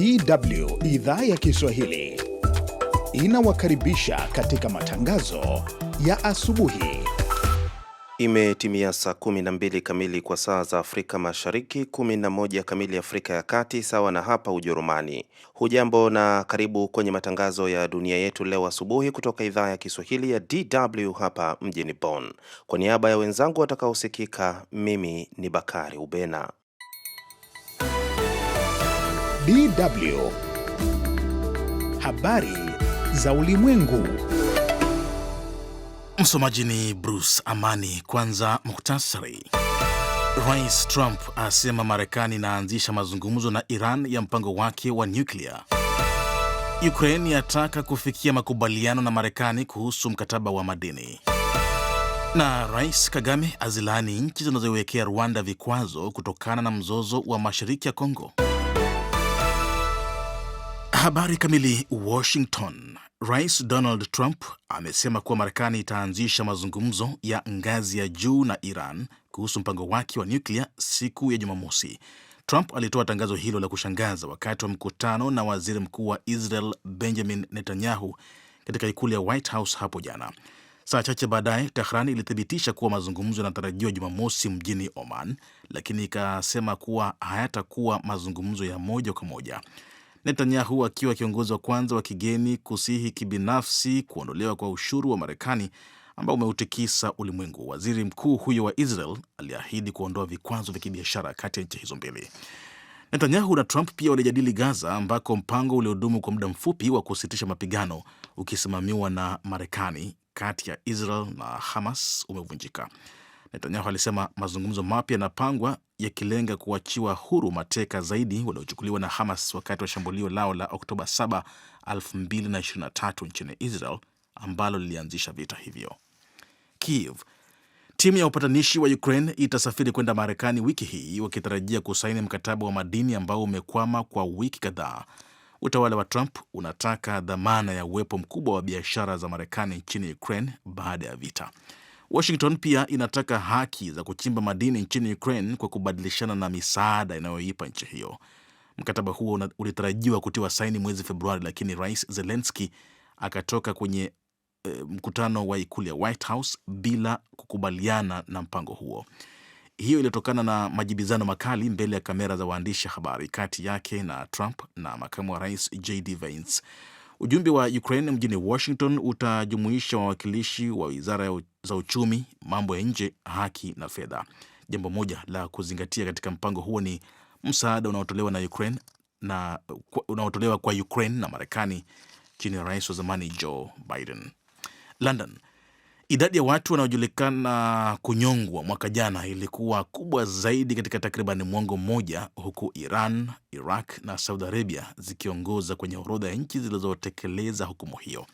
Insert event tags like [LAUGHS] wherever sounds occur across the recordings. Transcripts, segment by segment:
DW idhaa ya Kiswahili inawakaribisha katika matangazo ya asubuhi. Imetimia saa 12 kamili kwa saa za Afrika Mashariki, 11 kamili Afrika ya Kati, sawa na hapa Ujerumani. Hujambo na karibu kwenye matangazo ya dunia yetu leo asubuhi kutoka idhaa ya Kiswahili ya DW hapa mjini Bonn. Kwa niaba ya wenzangu watakaosikika, mimi ni Bakari Ubena DW habari za ulimwengu. Msomaji ni Bruce Amani. Kwanza muhtasari. Rais Trump asema Marekani inaanzisha mazungumzo na Iran ya mpango wake wa nyuklia. Ukraine yataka kufikia makubaliano na Marekani kuhusu mkataba wa madini. Na Rais Kagame azilaani nchi zinazoiwekea Rwanda vikwazo kutokana na mzozo wa mashariki ya Kongo. Habari kamili. Washington. Rais Donald Trump amesema kuwa Marekani itaanzisha mazungumzo ya ngazi ya juu na Iran kuhusu mpango wake wa nyuklia siku ya Jumamosi. Trump alitoa tangazo hilo la kushangaza wakati wa mkutano na waziri mkuu wa Israel Benjamin Netanyahu katika ikulu ya White House hapo jana. Saa chache baadaye, Tehran ilithibitisha kuwa mazungumzo yanatarajiwa Jumamosi mjini Oman, lakini ikasema kuwa hayatakuwa mazungumzo ya moja kwa moja. Netanyahu akiwa kiongozi wa kwanza wa kigeni kusihi kibinafsi kuondolewa kwa ushuru wa Marekani ambao umeutikisa ulimwengu. Waziri mkuu huyo wa Israel aliahidi kuondoa vikwazo vya kibiashara kati ya nchi hizo mbili. Netanyahu na Trump pia walijadili Gaza, ambako mpango uliodumu kwa muda mfupi wa kusitisha mapigano ukisimamiwa na Marekani kati ya Israel na Hamas umevunjika. Netanyahu alisema mazungumzo mapya yanapangwa yakilenga kuachiwa huru mateka zaidi waliochukuliwa na Hamas wakati wa shambulio lao la Oktoba 7, 2023 nchini Israel ambalo lilianzisha vita hivyo. Kiev. Timu ya upatanishi wa Ukraine itasafiri kwenda Marekani wiki hii wakitarajia kusaini mkataba wa madini ambao umekwama kwa wiki kadhaa. Utawala wa Trump unataka dhamana ya uwepo mkubwa wa biashara za Marekani nchini Ukraine baada ya vita. Washington pia inataka haki za kuchimba madini nchini Ukraine kwa kubadilishana na misaada inayoipa nchi hiyo. Mkataba huo ulitarajiwa kutiwa saini mwezi Februari, lakini Rais zelenski akatoka kwenye e, mkutano wa ikulu ya White House bila kukubaliana na mpango huo. Hiyo ilitokana na majibizano makali mbele ya kamera za waandishi habari kati yake na Trump na makamu wa rais JD Vance. Ujumbe wa Ukraine mjini Washington utajumuisha wawakilishi wa wizara ya za uchumi, mambo ya nje, haki na fedha. Jambo moja la kuzingatia katika mpango huo ni msaada unaotolewa na Ukraine na unaotolewa kwa Ukraine na Marekani chini ya rais wa zamani Joe Biden. London, idadi ya watu wanaojulikana kunyongwa mwaka jana ilikuwa kubwa zaidi katika takriban mwongo mmoja, huku Iran, Iraq na Saudi Arabia zikiongoza kwenye orodha ya nchi zilizotekeleza hukumu hiyo.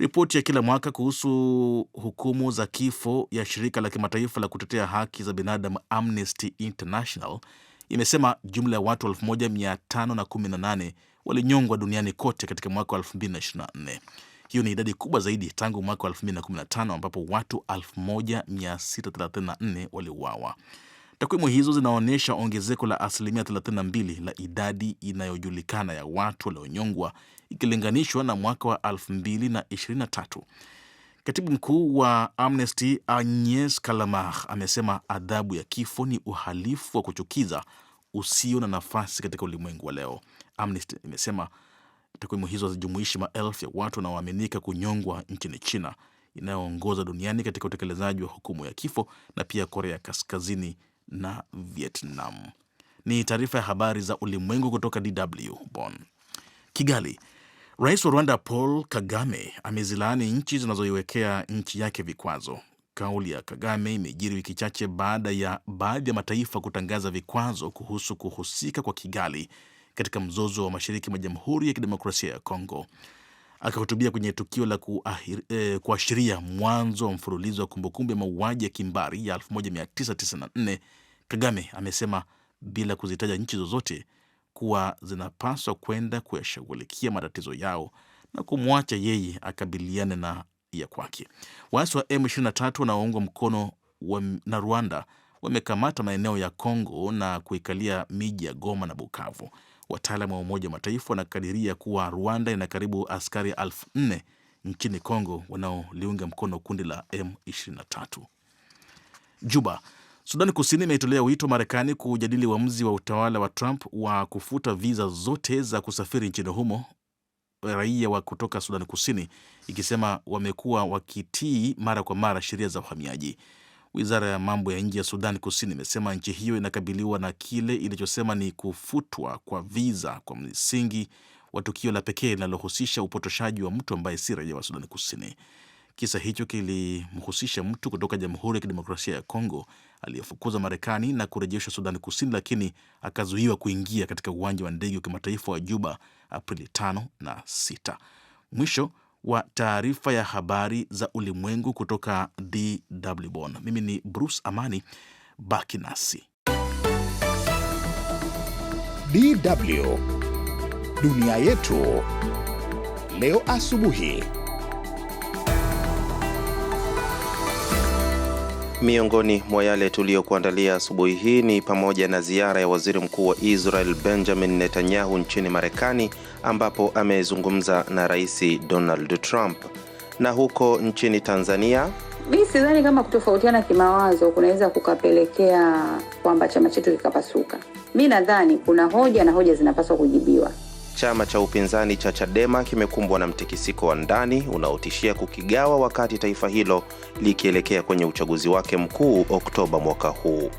Ripoti ya kila mwaka kuhusu hukumu za kifo ya shirika la kimataifa la kutetea haki za binadamu Amnesty International imesema jumla ya watu 1518 walinyongwa duniani kote katika mwaka wa 2024. Hiyo ni idadi kubwa zaidi tangu mwaka wa 2015 ambapo watu 1634 waliuawa. Takwimu hizo zinaonyesha ongezeko la asilimia 32 la idadi inayojulikana ya watu walionyongwa ikilinganishwa na mwaka wa 2023. Katibu mkuu wa Amnesty Agnes Kalamar amesema adhabu ya kifo ni uhalifu wa kuchukiza usio na nafasi katika ulimwengu wa leo. Amnesty imesema takwimu hizo hazijumuishi maelfu ya watu wanaoaminika kunyongwa nchini China inayoongoza duniani katika utekelezaji wa hukumu ya kifo na pia Korea Kaskazini na Vietnam. Ni taarifa ya habari za ulimwengu kutoka DW Bonn. Kigali. Rais wa Rwanda Paul Kagame amezilaani nchi zinazoiwekea nchi yake vikwazo. Kauli ya Kagame imejiri wiki chache baada ya baadhi ya mataifa kutangaza vikwazo kuhusu kuhusika kwa Kigali katika mzozo wa mashariki mwa Jamhuri ya Kidemokrasia ya Kongo. Akahutubia kwenye tukio la eh, kuashiria eh, mwanzo wa mfululizo wa kumbukumbu ya mauaji ya kimbari ya 1994 Kagame amesema bila kuzitaja nchi zozote kuwa zinapaswa kwenda kuyashughulikia matatizo yao na kumwacha yeye akabiliane na ya kwake. Waasi wa M23 wanaoungwa mkono na Rwanda wamekamata maeneo ya congo na kuikalia miji ya Goma na Bukavu. wataalam wa Umoja wa Mataifa wanakadiria kuwa Rwanda ina karibu askari elfu nne nchini congo wanaoliunga mkono kundi la M23. Juba, Sudani Kusini imeitolea wito Marekani kujadili uamuzi wa utawala wa Trump wa kufuta viza zote za kusafiri nchini humo raia wa kutoka Sudani Kusini, ikisema wamekuwa wakitii mara kwa mara sheria za uhamiaji. Wizara ya mambo ya nje ya Sudan Kusini imesema nchi hiyo inakabiliwa na kile ilichosema ni kufutwa kwa viza kwa msingi wa tukio la pekee linalohusisha upotoshaji wa mtu ambaye si raia wa Sudan Kusini. Kisa hicho kilimhusisha mtu kutoka Jamhuri ya Kidemokrasia ya Kongo aliyefukuza Marekani na kurejeshwa Sudani Kusini, lakini akazuiwa kuingia katika uwanja wa ndege wa kimataifa wa Juba Aprili 5 na 6. Mwisho wa taarifa ya habari za ulimwengu kutoka DW Bonn. Mimi ni Bruce Amani, baki nasi. DW Dunia Yetu Leo Asubuhi. Miongoni mwa yale tuliyokuandalia asubuhi hii ni pamoja na ziara ya waziri mkuu wa Israel Benjamin Netanyahu nchini Marekani, ambapo amezungumza na Rais Donald Trump. Na huko nchini Tanzania, mi sidhani kama kutofautiana kimawazo kunaweza kukapelekea kwamba chama chetu kikapasuka. Mi nadhani kuna hoja na hoja zinapaswa kujibiwa. Chama cha upinzani cha Chadema kimekumbwa na mtikisiko wa ndani unaotishia kukigawa wakati taifa hilo likielekea kwenye uchaguzi wake mkuu Oktoba mwaka huu.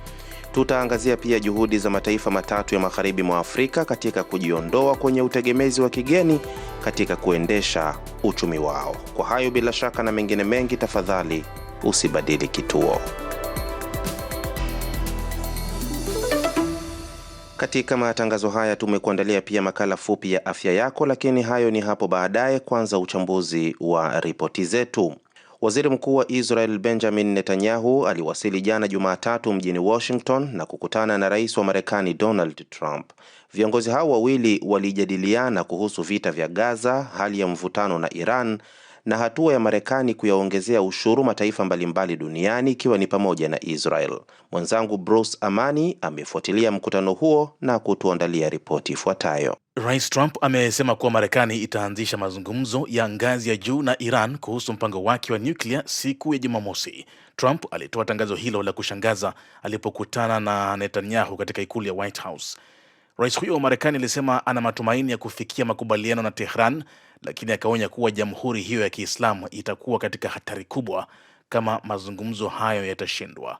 Tutaangazia pia juhudi za mataifa matatu ya magharibi mwa Afrika katika kujiondoa kwenye utegemezi wa kigeni katika kuendesha uchumi wao. Kwa hayo bila shaka na mengine mengi, tafadhali usibadili kituo. Katika matangazo haya tumekuandalia pia makala fupi ya afya yako, lakini hayo ni hapo baadaye. Kwanza uchambuzi wa ripoti zetu. Waziri Mkuu wa Israel Benjamin Netanyahu aliwasili jana Jumatatu mjini Washington na kukutana na Rais wa Marekani Donald Trump. Viongozi hao wawili walijadiliana kuhusu vita vya Gaza, hali ya mvutano na Iran na hatua ya Marekani kuyaongezea ushuru mataifa mbalimbali duniani ikiwa ni pamoja na Israel. Mwenzangu Bruce Amani amefuatilia mkutano huo na kutuandalia ripoti ifuatayo. Rais Trump amesema kuwa Marekani itaanzisha mazungumzo ya ngazi ya juu na Iran kuhusu mpango wake wa nyuklia siku ya Jumamosi. Trump alitoa tangazo hilo la kushangaza alipokutana na Netanyahu katika ikulu ya White House. Rais huyo wa Marekani alisema ana matumaini ya kufikia makubaliano na Tehran, lakini akaonya kuwa jamhuri hiyo ya Kiislamu itakuwa katika hatari kubwa kama mazungumzo hayo yatashindwa.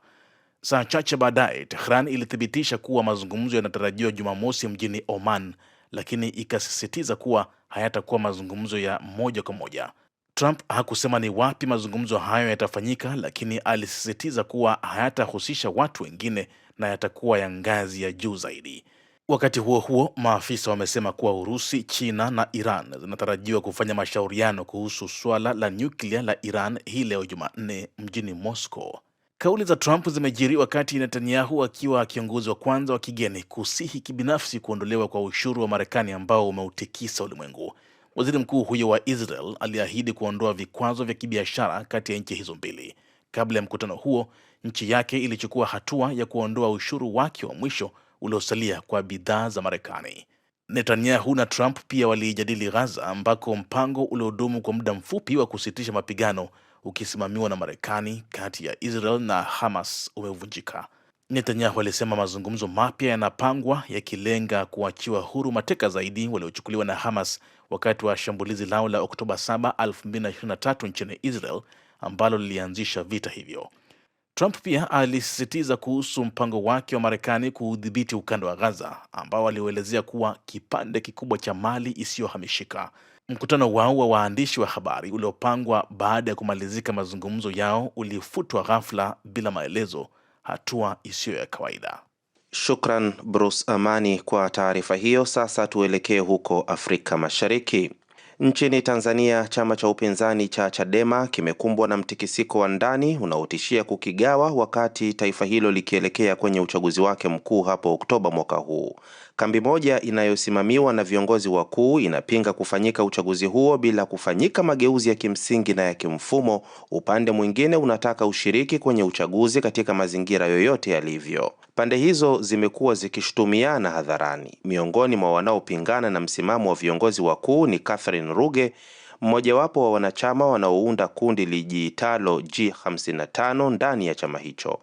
Saa chache baadaye, Tehran ilithibitisha kuwa mazungumzo yanatarajiwa Jumamosi mjini Oman, lakini ikasisitiza kuwa hayatakuwa mazungumzo ya moja kwa moja. Trump hakusema ni wapi mazungumzo hayo yatafanyika, lakini alisisitiza kuwa hayatahusisha watu wengine na yatakuwa ya ngazi ya juu zaidi. Wakati huo huo, maafisa wamesema kuwa Urusi, China na Iran zinatarajiwa kufanya mashauriano kuhusu swala la nyuklia la Iran hii leo Jumanne mjini Moscow. Kauli za Trump zimejiri wakati Netanyahu akiwa kiongozi wa kwanza wa kigeni kusihi kibinafsi kuondolewa kwa ushuru wa Marekani ambao umeutikisa ulimwengu. Waziri mkuu huyo wa Israel aliahidi kuondoa vikwazo vya kibiashara kati ya nchi hizo mbili. Kabla ya mkutano huo, nchi yake ilichukua hatua ya kuondoa ushuru wake wa mwisho uliosalia kwa bidhaa za Marekani. Netanyahu na Trump pia walijadili Gaza, ambako mpango uliodumu kwa muda mfupi wa kusitisha mapigano ukisimamiwa na Marekani kati ya Israel na Hamas umevunjika. Netanyahu alisema mazungumzo mapya yanapangwa yakilenga kuachiwa huru mateka zaidi waliochukuliwa na Hamas wakati wa shambulizi lao la Oktoba 7, 2023 nchini Israel ambalo lilianzisha vita hivyo. Trump pia alisisitiza kuhusu mpango wake wa Marekani kuudhibiti ukanda wa Gaza ambao aliuelezea kuwa kipande kikubwa cha mali isiyohamishika. Mkutano wao wa waandishi wa habari uliopangwa baada ya kumalizika mazungumzo yao ulifutwa ghafla bila maelezo, hatua isiyo ya kawaida. Shukran Bruce Amani kwa taarifa hiyo. Sasa tuelekee huko Afrika Mashariki. Nchini Tanzania, chama cha upinzani cha Chadema kimekumbwa na mtikisiko wa ndani unaotishia kukigawa wakati taifa hilo likielekea kwenye uchaguzi wake mkuu hapo Oktoba mwaka huu. Kambi moja inayosimamiwa na viongozi wakuu inapinga kufanyika uchaguzi huo bila kufanyika mageuzi ya kimsingi na ya kimfumo. Upande mwingine unataka ushiriki kwenye uchaguzi katika mazingira yoyote yalivyo. Pande hizo zimekuwa zikishutumiana hadharani. Miongoni mwa wanaopingana na msimamo wa viongozi wakuu ni Catherine Ruge, mmojawapo wa wanachama wanaounda kundi lijiitalo G55 ndani ya chama hicho.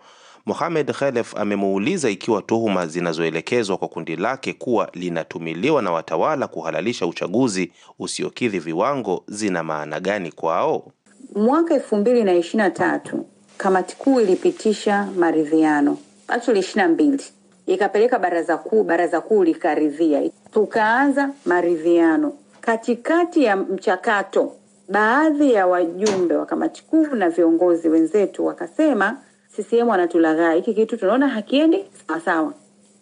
Mohamed Khelef amemuuliza ikiwa tuhuma zinazoelekezwa kwa kundi lake kuwa linatumiliwa na watawala kuhalalisha uchaguzi usiokidhi viwango zina maana gani kwao. Mwaka elfu mbili na ishirini na tatu kamati kuu ilipitisha maridhiano actually ishirini na mbili ikapeleka baraza kuu, baraza kuu likaridhia, tukaanza maridhiano. Katikati ya mchakato, baadhi ya wajumbe wa kamati kuu na viongozi wenzetu wakasema CCM wanatulaghai, hiki kitu tunaona hakiendi sawasawa.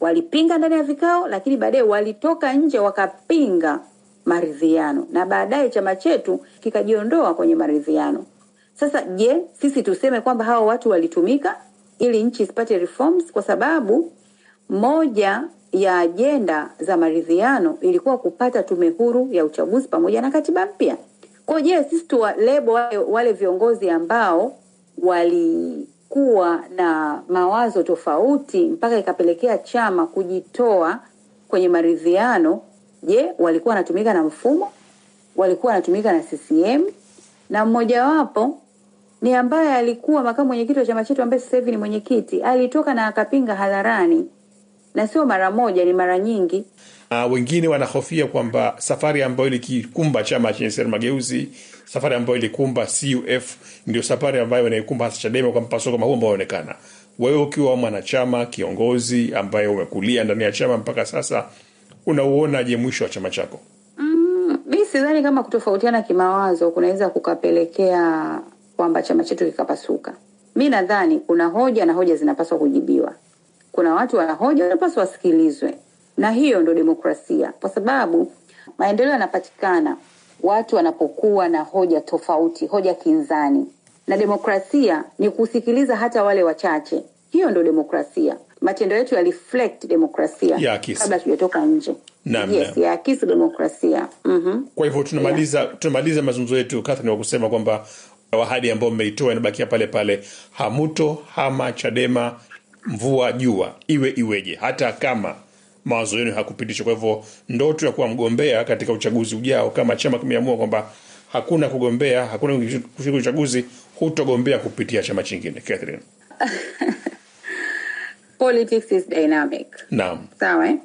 Walipinga ndani ya vikao, lakini baadaye walitoka nje wakapinga maridhiano, na baadaye chama chetu kikajiondoa kwenye maridhiano. Sasa je, sisi tuseme kwamba hao watu walitumika ili nchi isipate reforms? Kwa sababu moja ya ajenda za maridhiano ilikuwa kupata tume huru ya uchaguzi pamoja na katiba mpya. Kwa je, sisi tuwalebo wale, wale viongozi ambao wali kuwa na mawazo tofauti mpaka ikapelekea chama kujitoa kwenye maridhiano. Je, walikuwa wanatumika na mfumo? Walikuwa wanatumika na CCM? Na mmojawapo ni ambaye alikuwa makamu mwenyekiti wa chama chetu ambaye sasa hivi ni mwenyekiti, alitoka na akapinga hadharani, na sio mara moja, ni mara nyingi. Uh, wengine wanahofia kwamba safari ambayo ilikikumba chama chenye Mageuzi safari ambayo ilikumba CUF ndio safari ambayo inaikumba hasa Chadema kwa mpasuko huu ambao unaonekana. Wewe ukiwa mwanachama kiongozi ambaye umekulia ndani ya chama mpaka sasa, unauonaje mwisho wa chama chako? Mm, mi sidhani kama kutofautiana kimawazo kunaweza kukapelekea kwamba chama chetu kikapasuka. Mi nadhani kuna hoja na hoja zinapaswa kujibiwa. Kuna watu wana hoja wanapaswa wasikilizwe, na hiyo ndo demokrasia, kwa sababu maendeleo yanapatikana watu wanapokuwa na hoja tofauti, hoja kinzani. Na demokrasia ni kusikiliza hata wale wachache. Hiyo ndo demokrasia. Matendo yetu ya reflect demokrasia ya kabla tujatoka nje yes, demokrasia mm-hmm. Kwa hivyo tunamaliza yeah. tunamaliza mazungumzo yetu Catherine, wa kusema kwamba uh, ahadi ambayo mmeitoa inabakia pale pale, hamuto hama Chadema mvua jua iwe iweje, hata kama mawazo yenu hakupitishwa. Kwa hivyo ndoto ya kuwa mgombea katika uchaguzi ujao, kama chama kimeamua kwamba hakuna kugombea, hakuna kushiriki uchaguzi, hutogombea kupitia chama chingine. Catherine. [LAUGHS] Politics is dynamic. Naam. Sawa, eh?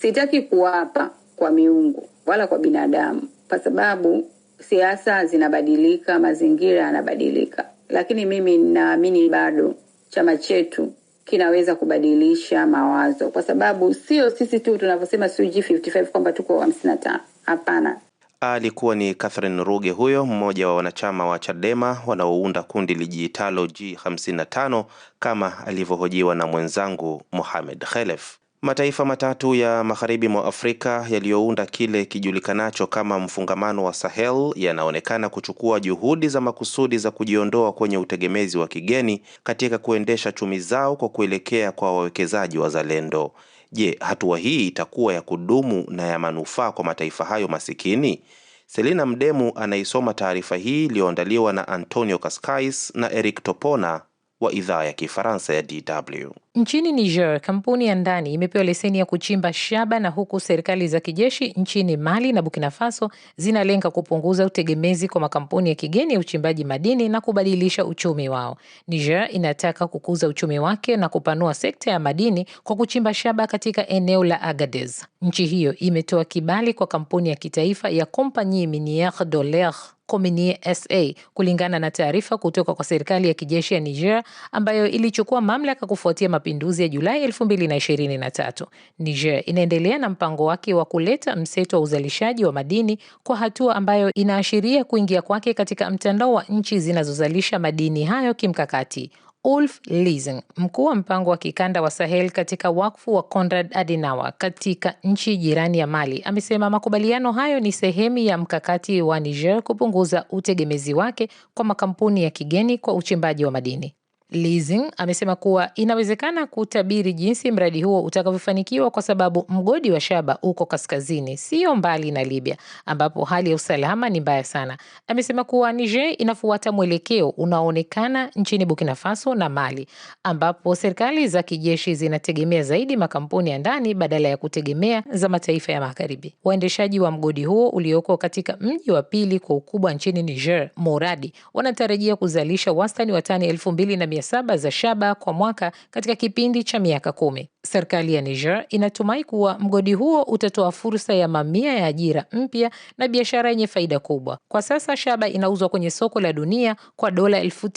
Sitaki kuwapa kwa miungu wala kwa binadamu, kwa sababu siasa zinabadilika, mazingira yanabadilika, lakini mimi ninaamini bado chama chetu kinaweza kubadilisha mawazo, kwa sababu sio sisi tu tunavyosema sio G55 kwamba tuko 55 tano. Hapana. Alikuwa ni Catherine Ruge huyo mmoja wa wanachama wa Chadema wanaounda kundi lijiitalo G55 kama alivyohojiwa na mwenzangu Mohamed Khelef. Mataifa matatu ya magharibi mwa Afrika yaliyounda kile kijulikanacho kama mfungamano wa Sahel yanaonekana kuchukua juhudi za makusudi za kujiondoa kwenye utegemezi wa kigeni katika kuendesha chumi zao kwa kuelekea kwa wawekezaji wazalendo. Je, hatua hii itakuwa ya kudumu na ya manufaa kwa mataifa hayo masikini? Selina Mdemu anaisoma taarifa hii iliyoandaliwa na Antonio Kaskais na Eric Topona wa idhaa ya Kifaransa ya DW. Nchini Niger, kampuni ya ndani imepewa leseni ya kuchimba shaba na huku serikali za kijeshi nchini Mali na Burkina Faso zinalenga kupunguza utegemezi kwa makampuni ya kigeni ya uchimbaji madini na kubadilisha uchumi wao. Niger inataka kukuza uchumi wake na kupanua sekta ya madini kwa kuchimba shaba katika eneo la Agadez. Nchi hiyo imetoa kibali kwa kampuni ya kitaifa ya Compagnie Miniere Dolaire Komini SA kulingana na taarifa kutoka kwa serikali ya kijeshi ya Niger ambayo ilichukua mamlaka kufuatia mapinduzi ya Julai 2023. Niger inaendelea na mpango wake wa kuleta mseto wa uzalishaji wa madini kwa hatua ambayo inaashiria kuingia kwake katika mtandao wa nchi zinazozalisha madini hayo kimkakati. Ulf Lising, mkuu wa mpango wa kikanda wa Sahel katika wakfu wa Konrad Adenauer katika nchi jirani ya Mali, amesema makubaliano hayo ni sehemu ya mkakati wa Niger kupunguza utegemezi wake kwa makampuni ya kigeni kwa uchimbaji wa madini. Lizing amesema kuwa inawezekana kutabiri jinsi mradi huo utakavyofanikiwa kwa sababu mgodi wa shaba uko kaskazini, sio mbali na Libya ambapo hali ya usalama ni mbaya sana. Amesema kuwa Niger inafuata mwelekeo unaoonekana nchini Burkina Faso na Mali ambapo serikali za kijeshi zinategemea zaidi makampuni ya ndani badala ya kutegemea za mataifa ya magharibi. Waendeshaji wa mgodi huo ulioko katika mji wa pili kwa ukubwa nchini Niger, Moradi, wanatarajia kuzalisha wastani wa tani elfu mbili na mia saba za shaba kwa mwaka katika kipindi cha miaka kumi. Serikali ya Niger inatumai kuwa mgodi huo utatoa fursa ya mamia ya ajira mpya na biashara yenye faida kubwa. Kwa sasa shaba inauzwa kwenye soko la dunia kwa dola elfu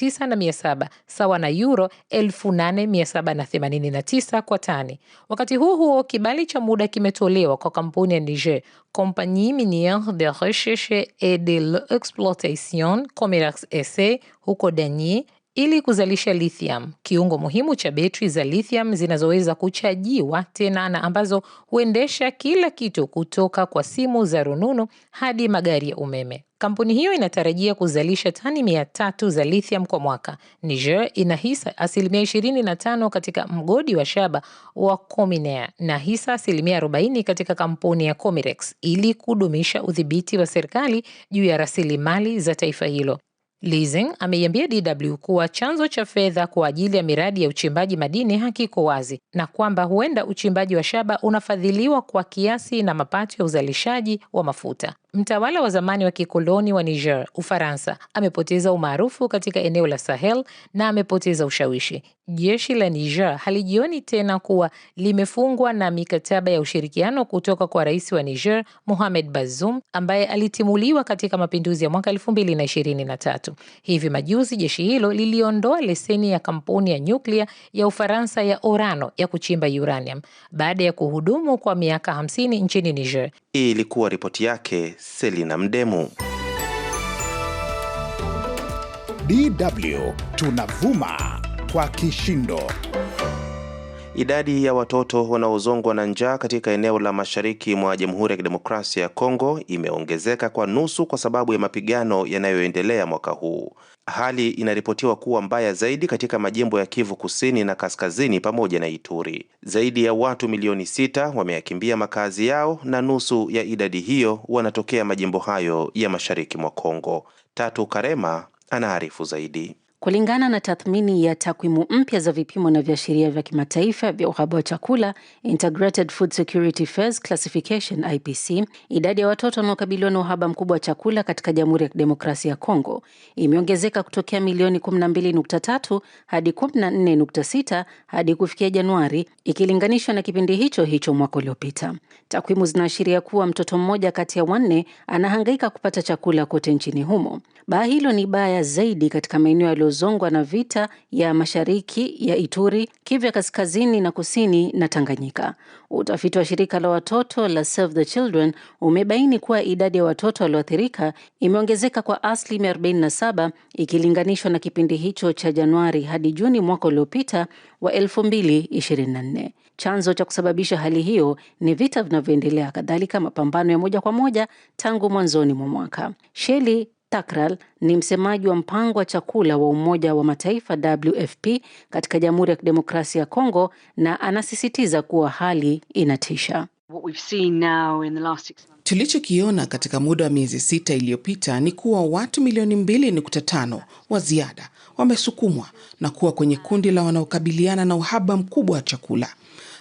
saba sawa na euro 8789 tisa kwa tani. Wakati huo huo, kibali cha muda kimetolewa kwa kampuni ya Niger Compagnie Miniere de Recherche et de l'Exploitation Comerex SA huko Dagny ili kuzalisha lithium, kiungo muhimu cha betri za lithium zinazoweza kuchajiwa tena na ambazo huendesha kila kitu kutoka kwa simu za rununu hadi magari ya umeme. Kampuni hiyo inatarajia kuzalisha tani mia tatu za lithium kwa mwaka. Niger ina hisa asilimia 25 katika mgodi wa shaba wa Cominair na hisa asilimia 40 katika kampuni ya Comirex ili kudumisha udhibiti wa serikali juu ya rasilimali za taifa hilo. Leasing ameiambia DW kuwa chanzo cha fedha kwa ajili ya miradi ya uchimbaji madini hakiko wazi na kwamba huenda uchimbaji wa shaba unafadhiliwa kwa kiasi na mapato ya uzalishaji wa mafuta. Mtawala wa zamani wa kikoloni wa Niger, Ufaransa, amepoteza umaarufu katika eneo la Sahel na amepoteza ushawishi. Jeshi la Niger halijioni tena kuwa limefungwa na mikataba ya ushirikiano kutoka kwa rais wa Niger, Mohamed Bazoum, ambaye alitimuliwa katika mapinduzi ya mwaka 2023. Hivi majuzi jeshi hilo liliondoa leseni ya kampuni ya nyuklia ya Ufaransa ya Orano ya kuchimba uranium baada ya kuhudumu kwa miaka 50 nchini Niger. Hii ilikuwa ripoti yake Selina Mdemu. DW tunavuma kwa kishindo. Idadi ya watoto wanaozongwa na njaa katika eneo la mashariki mwa Jamhuri ya Kidemokrasia ya Kongo imeongezeka kwa nusu kwa sababu ya mapigano yanayoendelea mwaka huu hali inaripotiwa kuwa mbaya zaidi katika majimbo ya Kivu Kusini na Kaskazini pamoja na Ituri. Zaidi ya watu milioni sita wameyakimbia makazi yao na nusu ya idadi hiyo wanatokea majimbo hayo ya Mashariki mwa Kongo. Tatu Karema anaarifu zaidi. Kulingana na tathmini ya takwimu mpya za vipimo na viashiria vya kimataifa vya uhaba wa chakula, Integrated Food Security Classification IPC, idadi ya watoto wanaokabiliwa na uhaba mkubwa wa chakula katika Jamhuri ya Kidemokrasia ya Kongo imeongezeka kutokea milioni 12.3 hadi 14.6 hadi kufikia Januari ikilinganishwa na kipindi hicho hicho mwaka uliopita. Takwimu zinaashiria kuwa mtoto mmoja kati ya wanne anahangaika kupata chakula kote nchini humo. Baa hilo ni baya zaidi katika maeneo lililozongwa na vita ya mashariki ya Ituri, Kivu kaskazini na kusini na Tanganyika. Utafiti wa shirika la watoto la Save the Children umebaini kuwa idadi ya watoto walioathirika imeongezeka kwa asilimia 47 ikilinganishwa na kipindi hicho cha Januari hadi Juni mwaka uliopita wa 2024. Chanzo cha kusababisha hali hiyo ni vita vinavyoendelea, kadhalika mapambano ya moja kwa moja tangu mwanzoni mwa mwaka. Sheli Takral ni msemaji wa mpango wa chakula wa Umoja wa Mataifa WFP katika Jamhuri ya Kidemokrasia ya Kongo na anasisitiza kuwa hali inatisha. Tulichokiona katika muda wa miezi sita iliyopita ni kuwa watu milioni mbili nukta tano wa ziada wamesukumwa na kuwa kwenye kundi la wanaokabiliana na uhaba mkubwa wa chakula.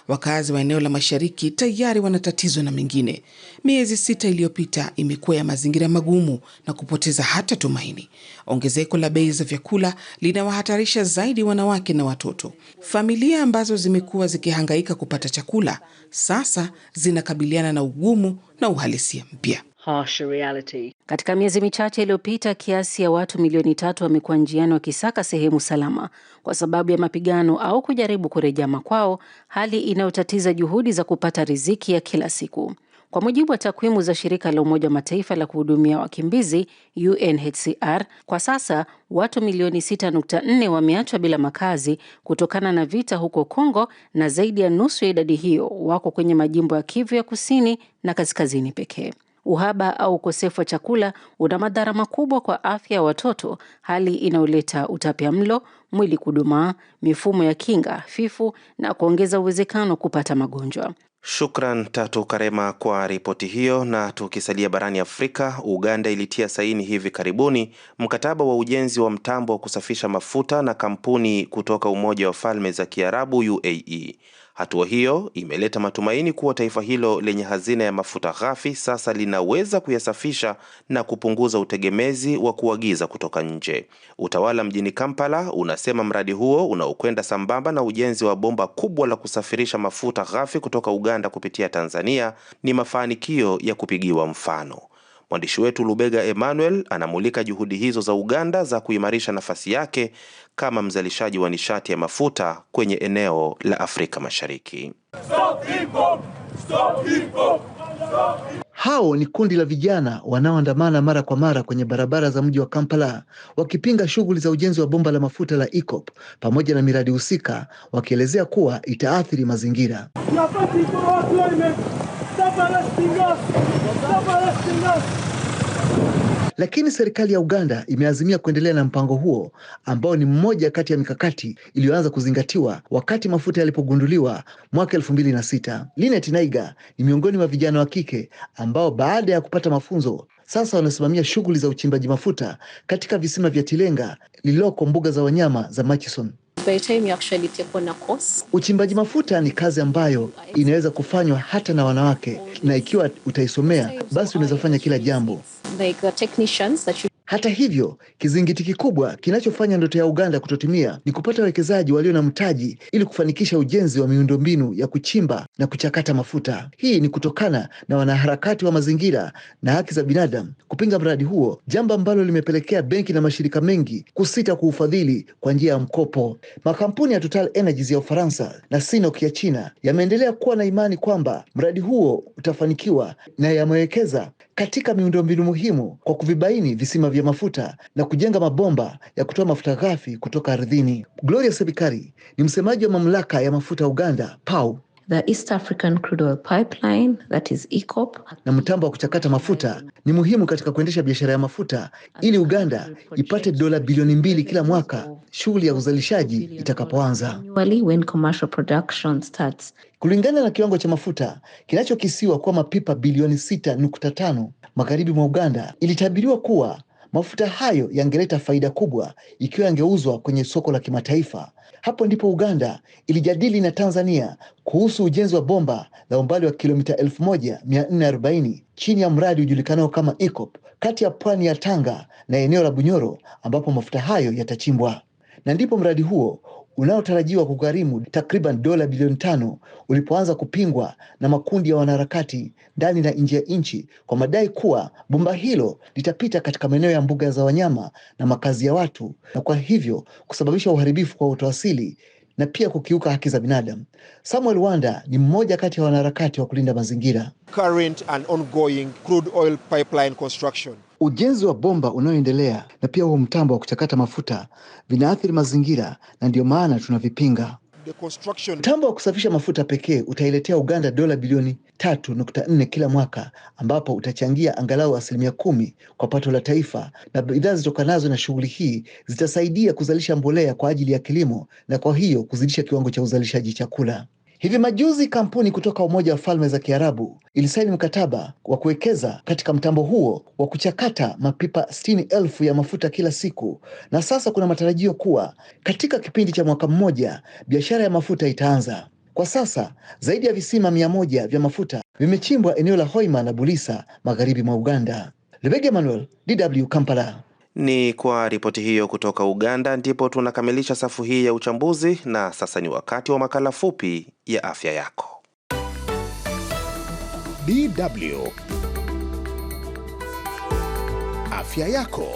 Wakazi wa eneo la mashariki tayari wanatatizwa na mengine. Miezi sita iliyopita imekuwa ya mazingira magumu na kupoteza hata tumaini. Ongezeko la bei za vyakula linawahatarisha zaidi wanawake na watoto. Familia ambazo zimekuwa zikihangaika kupata chakula sasa zinakabiliana na ugumu na uhalisia mpya harsher reality. Katika miezi michache iliyopita, kiasi ya watu milioni tatu wamekuwa njiani wakisaka sehemu salama kwa sababu ya mapigano au kujaribu kurejea makwao, hali inayotatiza juhudi za kupata riziki ya kila siku. Kwa mujibu wa takwimu za shirika la Umoja wa Mataifa la kuhudumia wakimbizi UNHCR, kwa sasa watu milioni 6.4 wameachwa bila makazi kutokana na vita huko Kongo, na zaidi ya nusu ya idadi hiyo wako kwenye majimbo ya Kivu ya kusini na kaskazini pekee. Uhaba au ukosefu wa chakula una madhara makubwa kwa afya ya watoto, hali inayoleta mlo mwili kudumaa, mifumo ya kinga fifu na kuongeza uwezekano kupata magonjwa. Shukran Tatu Karema kwa ripoti hiyo. Na tukisalia barani Afrika, Uganda ilitia saini hivi karibuni mkataba wa ujenzi wa mtambo wa kusafisha mafuta na kampuni kutoka Umoja wa Falme za Kiarabu UAE. Hatua hiyo imeleta matumaini kuwa taifa hilo lenye hazina ya mafuta ghafi sasa linaweza kuyasafisha na kupunguza utegemezi wa kuagiza kutoka nje. Utawala mjini Kampala unasema mradi huo unaokwenda sambamba na ujenzi wa bomba kubwa la kusafirisha mafuta ghafi kutoka Uganda kupitia Tanzania ni mafanikio ya kupigiwa mfano. Mwandishi wetu Lubega Emmanuel anamulika juhudi hizo za Uganda za kuimarisha nafasi yake kama mzalishaji wa nishati ya mafuta kwenye eneo la Afrika Mashariki. Stop people! Stop people! Hao ni kundi la vijana wanaoandamana mara kwa mara kwenye barabara za mji wa Kampala wakipinga shughuli za ujenzi wa bomba la mafuta la EACOP pamoja na miradi husika, wakielezea kuwa itaathiri mazingira. Lakini serikali ya Uganda imeazimia kuendelea na mpango huo ambao ni mmoja kati ya mikakati iliyoanza kuzingatiwa wakati mafuta yalipogunduliwa mwaka elfu mbili na sita. Linet Naiga ni miongoni mwa vijana wa kike ambao baada ya kupata mafunzo sasa wanasimamia shughuli za uchimbaji mafuta katika visima vya Tilenga lililoko mbuga za wanyama za Murchison. Uchimbaji mafuta ni kazi ambayo inaweza kufanywa hata na wanawake, na ikiwa utaisomea basi unaweza fanya kila jambo like hata hivyo, kizingiti kikubwa kinachofanya ndoto ya Uganda kutotimia ni kupata wawekezaji walio na mtaji ili kufanikisha ujenzi wa miundombinu ya kuchimba na kuchakata mafuta. Hii ni kutokana na wanaharakati wa mazingira na haki za binadamu kupinga mradi huo, jambo ambalo limepelekea benki na mashirika mengi kusita kuufadhili kwa njia ya mkopo. Makampuni ya Total Energies ya Ufaransa na Sinopec ya China yameendelea kuwa na imani kwamba mradi huo utafanikiwa na yamewekeza katika miundombinu muhimu kwa kuvibaini visima vya mafuta na kujenga mabomba ya kutoa mafuta ghafi kutoka ardhini. Gloria Sebikari ni msemaji wa mamlaka ya mafuta Uganda, PAU, the East African Crude Oil Pipeline, that is e Na mtambo wa kuchakata mafuta ni muhimu katika kuendesha biashara ya mafuta ili Uganda ipate dola bilioni mbili kila mwaka shughuli ya uzalishaji itakapoanza. When commercial production starts. Kulingana na kiwango cha mafuta kinachokisiwa kuwa mapipa bilioni 6.5 magharibi mwa Uganda, ilitabiriwa kuwa mafuta hayo yangeleta faida kubwa ikiwa yangeuzwa kwenye soko la kimataifa hapo ndipo Uganda ilijadili na Tanzania kuhusu ujenzi wa bomba la umbali wa kilomita 1440 chini ya mradi ujulikanao kama EACOP kati ya pwani ya Tanga na eneo la Bunyoro ambapo mafuta hayo yatachimbwa, na ndipo mradi huo unaotarajiwa kugharimu takriban dola bilioni tano ulipoanza kupingwa na makundi ya wanaharakati ndani na nje ya nchi kwa madai kuwa bomba hilo litapita katika maeneo ya mbuga za wanyama na makazi ya watu na kwa hivyo kusababisha uharibifu kwa utoasili na pia kukiuka haki za binadamu. Samuel Wanda ni mmoja kati ya wanaharakati wa kulinda mazingira. Current and ongoing crude oil pipeline construction. Ujenzi wa bomba unaoendelea na pia huo mtambo wa kuchakata mafuta vinaathiri mazingira na ndiyo maana tunavipinga. Mtambo wa kusafisha mafuta pekee utailetea Uganda dola bilioni tatu nukta nne kila mwaka, ambapo utachangia angalau asilimia kumi kwa pato la taifa, na bidhaa zitokanazo na shughuli hii zitasaidia kuzalisha mbolea kwa ajili ya kilimo na kwa hiyo kuzidisha kiwango cha uzalishaji chakula. Hivi majuzi kampuni kutoka Umoja wa Falme za Kiarabu ilisaini mkataba wa kuwekeza katika mtambo huo wa kuchakata mapipa sitini elfu ya mafuta kila siku, na sasa kuna matarajio kuwa katika kipindi cha mwaka mmoja biashara ya mafuta itaanza. Kwa sasa zaidi ya visima mia moja vya mafuta vimechimbwa eneo la Hoima na Bulisa, magharibi mwa Uganda. Lebege Manuel, DW, Kampala. Ni kwa ripoti hiyo kutoka Uganda ndipo tunakamilisha safu hii ya uchambuzi, na sasa ni wakati wa makala fupi ya afya yako. DW Afya yako.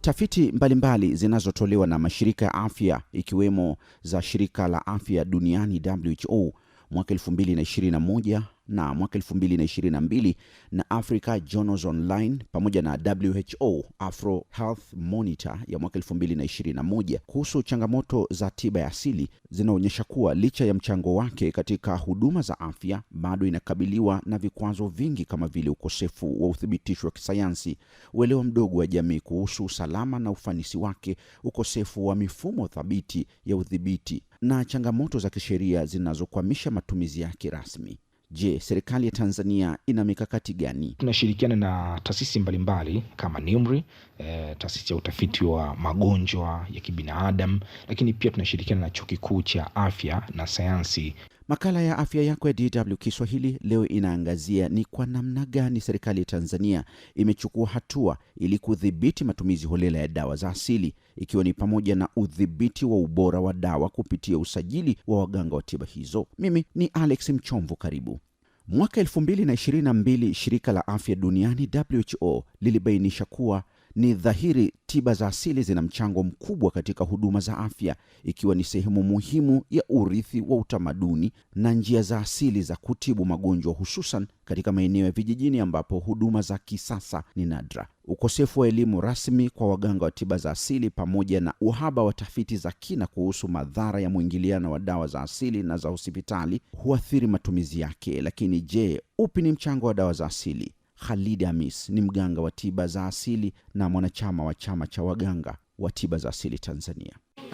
Tafiti mbalimbali zinazotolewa na mashirika ya afya ikiwemo za shirika la afya duniani WHO mwaka 2021 na mwaka 2022 na Africa Journals Online pamoja na WHO Afro Health Monitor ya mwaka 2021 kuhusu changamoto za tiba ya asili zinaonyesha kuwa licha ya mchango wake katika huduma za afya bado inakabiliwa na vikwazo vingi kama vile ukosefu wa uthibitisho wa kisayansi, uelewa mdogo wa jamii kuhusu usalama na ufanisi wake, ukosefu wa mifumo thabiti ya udhibiti na changamoto za kisheria zinazokwamisha matumizi yake rasmi. Je, serikali ya Tanzania ina mikakati gani? Tunashirikiana na taasisi mbalimbali kama NIMRI, e, taasisi ya utafiti wa magonjwa ya kibinadamu, lakini pia tunashirikiana na chuo kikuu cha afya na sayansi. Makala ya afya yako ya DW Kiswahili leo inaangazia ni kwa namna gani serikali ya Tanzania imechukua hatua ili kudhibiti matumizi holela ya dawa za asili ikiwa ni pamoja na udhibiti wa ubora wa dawa kupitia usajili wa waganga wa tiba hizo. Mimi ni Alex Mchomvu, karibu. Mwaka 2022 shirika la afya duniani WHO lilibainisha kuwa ni dhahiri tiba za asili zina mchango mkubwa katika huduma za afya, ikiwa ni sehemu muhimu ya urithi wa utamaduni na njia za asili za kutibu magonjwa, hususan katika maeneo ya vijijini ambapo huduma za kisasa ni nadra. Ukosefu wa elimu rasmi kwa waganga wa tiba za asili pamoja na uhaba wa tafiti za kina kuhusu madhara ya mwingiliano wa dawa za asili na za hospitali huathiri matumizi yake. Lakini je, upi ni mchango wa dawa za asili? Khalid Hamis ni mganga wa tiba za asili na mwanachama wa chama cha waganga wa tiba za asili Tanzania.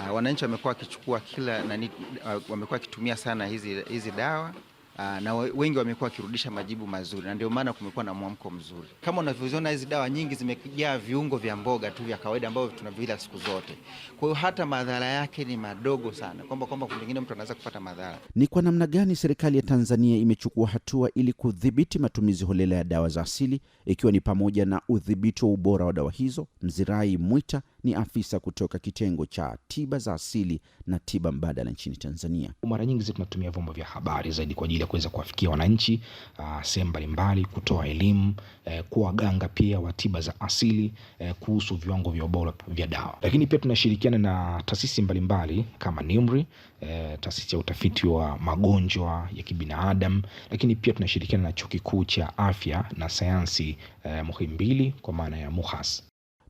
Uh, wananchi wamekuwa wakichukua kila nani, uh, wamekuwa wakitumia sana hizi, hizi dawa Ah, na wengi wamekuwa wakirudisha majibu mazuri na ndio maana kumekuwa na mwamko mzuri. Kama unavyoziona hizi dawa nyingi zimejaa viungo vya mboga tu vya kawaida ambavyo tunavila siku zote, kwa hiyo hata madhara yake ni madogo sana, kwamba kwamba pengine mtu anaweza kupata madhara. Ni kwa namna gani serikali ya Tanzania imechukua hatua ili kudhibiti matumizi holela ya dawa za asili, ikiwa ni pamoja na udhibiti wa ubora wa dawa hizo? Mzirai Mwita ni afisa kutoka kitengo cha tiba za asili na tiba mbadala nchini Tanzania. Mara nyingi tunatumia vyombo vya habari zaidi kwa ajili ya kuweza kuwafikia wananchi ah, sehemu mbalimbali, kutoa elimu eh, kuwa waganga pia wa tiba za asili eh, kuhusu viwango vya ubora vya dawa, lakini pia tunashirikiana na taasisi mbalimbali kama NIMRI eh, taasisi ya utafiti wa magonjwa ya kibinadamu, lakini pia tunashirikiana na chuo kikuu cha afya na sayansi eh, Muhimbili kwa maana ya MUHAS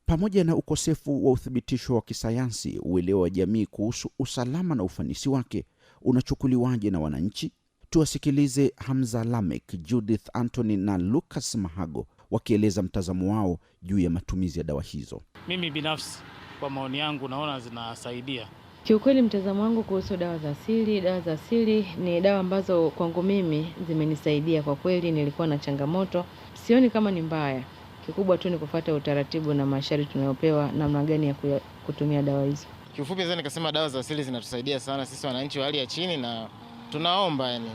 pamoja na ukosefu wa uthibitisho wa kisayansi, uelewa wa jamii kuhusu usalama na ufanisi wake unachukuliwaje na wananchi? Tuwasikilize Hamza Lamek, Judith antony na Lucas Mahago wakieleza mtazamo wao juu ya matumizi ya dawa hizo. Mimi binafsi kwa maoni yangu naona zinasaidia kiukweli. Mtazamo wangu kuhusu dawa za asili, dawa za asili ni dawa ambazo kwangu mimi zimenisaidia kwa kweli. Nilikuwa na changamoto, sioni kama ni mbaya Kikubwa tu ni kufuata utaratibu na masharti tunayopewa namna gani ya kutumia dawa hizo. Kiufupi naweza nikasema dawa za asili zinatusaidia sana sisi wananchi wa hali ya chini na tunaomba yani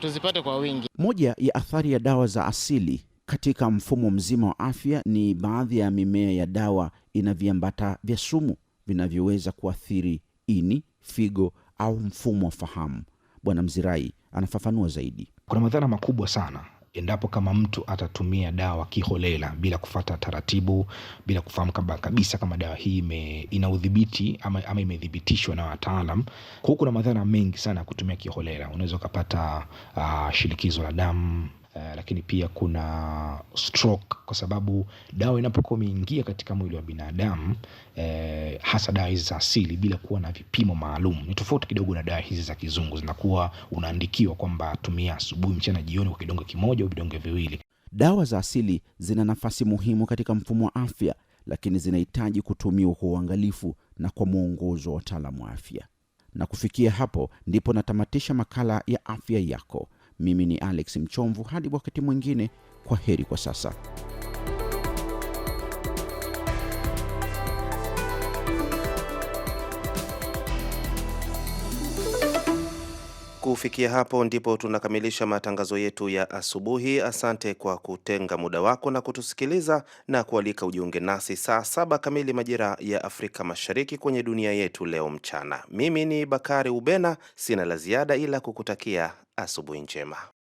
tuzipate kwa wingi. Moja ya athari ya dawa za asili katika mfumo mzima wa afya ni baadhi ya mimea ya dawa ina viambata vya sumu vinavyoweza kuathiri ini, figo au mfumo wa fahamu. Bwana Mzirai anafafanua zaidi. Kuna madhara makubwa sana endapo kama mtu atatumia dawa kiholela bila kufata taratibu, bila kufahamu kabisa kama dawa hii ina udhibiti ama, ama imedhibitishwa na wataalam. Kwa hiyo kuna madhara mengi sana ya kutumia kiholela. Unaweza ukapata uh, shinikizo la damu Eh, lakini pia kuna stroke, kwa sababu dawa inapokuwa imeingia katika mwili wa binadamu eh, hasa dawa hizi za asili bila kuwa na vipimo maalum, ni tofauti kidogo na dawa hizi za kizungu. Zinakuwa unaandikiwa kwamba tumia asubuhi, mchana, jioni kwa kidonge kimoja au vidonge viwili. Dawa za asili zina nafasi muhimu katika mfumo wa afya, lakini zinahitaji kutumiwa kwa uangalifu na kwa mwongozo wa wataalamu wa afya. Na kufikia hapo ndipo natamatisha makala ya afya yako. Mimi ni Alex Mchomvu, hadi wakati mwingine. Kwa heri kwa sasa. Kufikia hapo ndipo tunakamilisha matangazo yetu ya asubuhi. Asante kwa kutenga muda wako na kutusikiliza na kualika ujiunge nasi saa saba kamili majira ya Afrika Mashariki kwenye dunia yetu leo mchana. Mimi ni Bakari Ubena, sina la ziada ila kukutakia asubuhi njema.